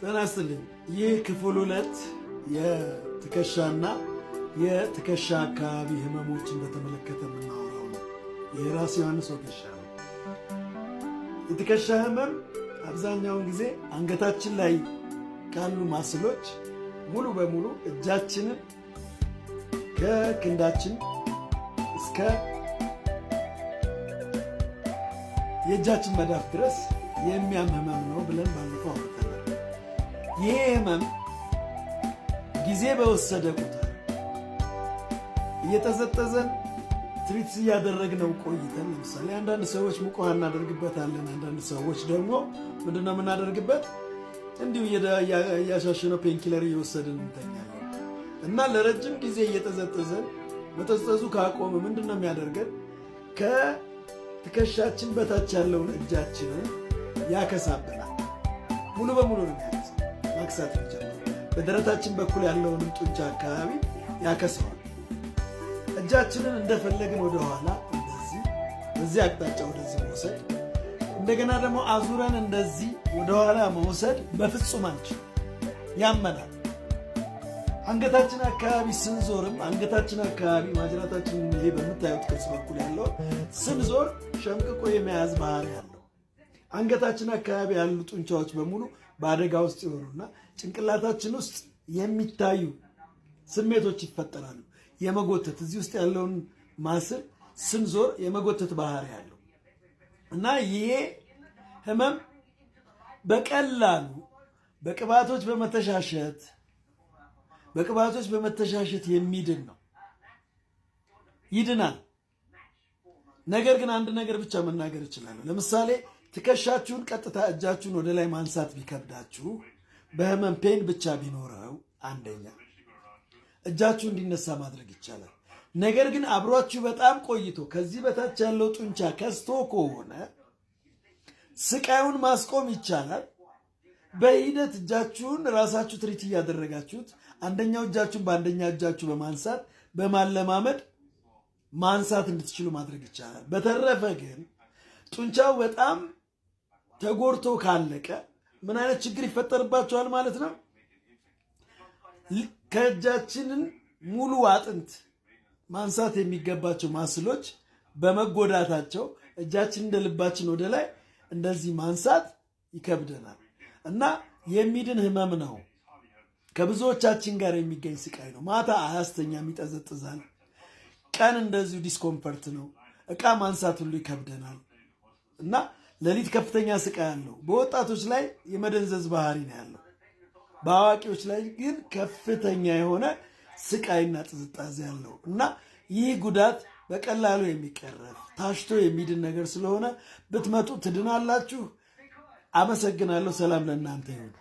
ጤና ይስጥልኝ። ይህ ክፍል ሁለት የትከሻና የትከሻ አካባቢ ህመሞችን በተመለከተ የምናወራው ነው። የራስ ዮሐንስ ወጌሻ ነው። የትከሻ ህመም አብዛኛውን ጊዜ አንገታችን ላይ ካሉ ማስሎች ሙሉ በሙሉ እጃችንን ከክንዳችን እስከ የእጃችን መዳፍ ድረስ የሚያም ህመም ነው ብለን ባለፈው አወጣ ይሄ ህመም ጊዜ በወሰደ ቁጥር እየጠዘጠዘን ትሪት እያደረግነው ቆይተን ለምሳሌ አንዳንድ ሰዎች ሙቅ ውሃ እናደርግበታለን። አንዳንድ ሰዎች ደግሞ ምንድን ነው የምናደርግበት? እንዲሁ እያሻሽነው ፔንኪለር እየወሰድን እንተኛለን እና ለረጅም ጊዜ እየጠዘጠዘን መጠዝጠዙ ካቆመ ምንድን ነው የሚያደርገን? ከትከሻችን በታች ያለውን እጃችንን ያከሳብናል። ሙሉ በሙሉ ነው ማክሳት ይቻላል። በደረታችን በኩል ያለውንም ጡንቻ አካባቢ ያከሰዋል። እጃችንን እንደፈለግን ወደኋላ እንደዚህ በዚህ አቅጣጫ ወደዚህ መውሰድ እንደገና ደግሞ አዙረን እንደዚህ ወደኋላ መውሰድ በፍጹም አንችል፣ ያመናል። አንገታችን አካባቢ ስንዞርም አንገታችን አካባቢ ማጅራታችን ይሄ በምታዩት ቅርጽ በኩል ያለው ስንዞር ሸምቅቆ የመያዝ ባህሪ አለው። አንገታችን አካባቢ ያሉ ጡንቻዎች በሙሉ በአደጋ ውስጥ ይሆኑና ጭንቅላታችን ውስጥ የሚታዩ ስሜቶች ይፈጠራሉ። የመጎተት እዚህ ውስጥ ያለውን ማስል ስንዞር የመጎተት ባህሪ ያለው እና ይሄ ህመም በቀላሉ በቅባቶች በመተሻሸት በቅባቶች በመተሻሸት የሚድን ነው፣ ይድናል። ነገር ግን አንድ ነገር ብቻ መናገር እችላለሁ። ለምሳሌ ትከሻችሁን ቀጥታ እጃችሁን ወደ ላይ ማንሳት ቢከብዳችሁ በህመም ፔን ብቻ ቢኖረው አንደኛ እጃችሁ እንዲነሳ ማድረግ ይቻላል። ነገር ግን አብሯችሁ በጣም ቆይቶ ከዚህ በታች ያለው ጡንቻ ከስቶ ከሆነ ስቃዩን ማስቆም ይቻላል። በሂደት እጃችሁን ራሳችሁ ትሪት እያደረጋችሁት አንደኛው እጃችሁን በአንደኛ እጃችሁ በማንሳት በማለማመድ ማንሳት እንድትችሉ ማድረግ ይቻላል። በተረፈ ግን ጡንቻው በጣም ተጎድቶ ካለቀ ምን አይነት ችግር ይፈጠርባቸዋል ማለት ነው? ከእጃችንን ሙሉ አጥንት ማንሳት የሚገባቸው ማስሎች በመጎዳታቸው እጃችን እንደ ልባችን ወደ ላይ እንደዚህ ማንሳት ይከብደናል እና የሚድን ህመም ነው። ከብዙዎቻችን ጋር የሚገኝ ስቃይ ነው። ማታ አያስተኛም፣ ይጠዘጥዛል። ቀን እንደዚሁ ዲስኮምፈርት ነው። እቃ ማንሳት ሁሉ ይከብደናል እና ሌሊት ከፍተኛ ስቃይ አለው። በወጣቶች ላይ የመደንዘዝ ባህሪ ነው ያለው። በአዋቂዎች ላይ ግን ከፍተኛ የሆነ ስቃይና ጥዝጣዜ አለው እና ይህ ጉዳት በቀላሉ የሚቀረፍ ታሽቶ የሚድን ነገር ስለሆነ ብትመጡ ትድናላችሁ። አመሰግናለሁ። ሰላም ለእናንተ ይሁን።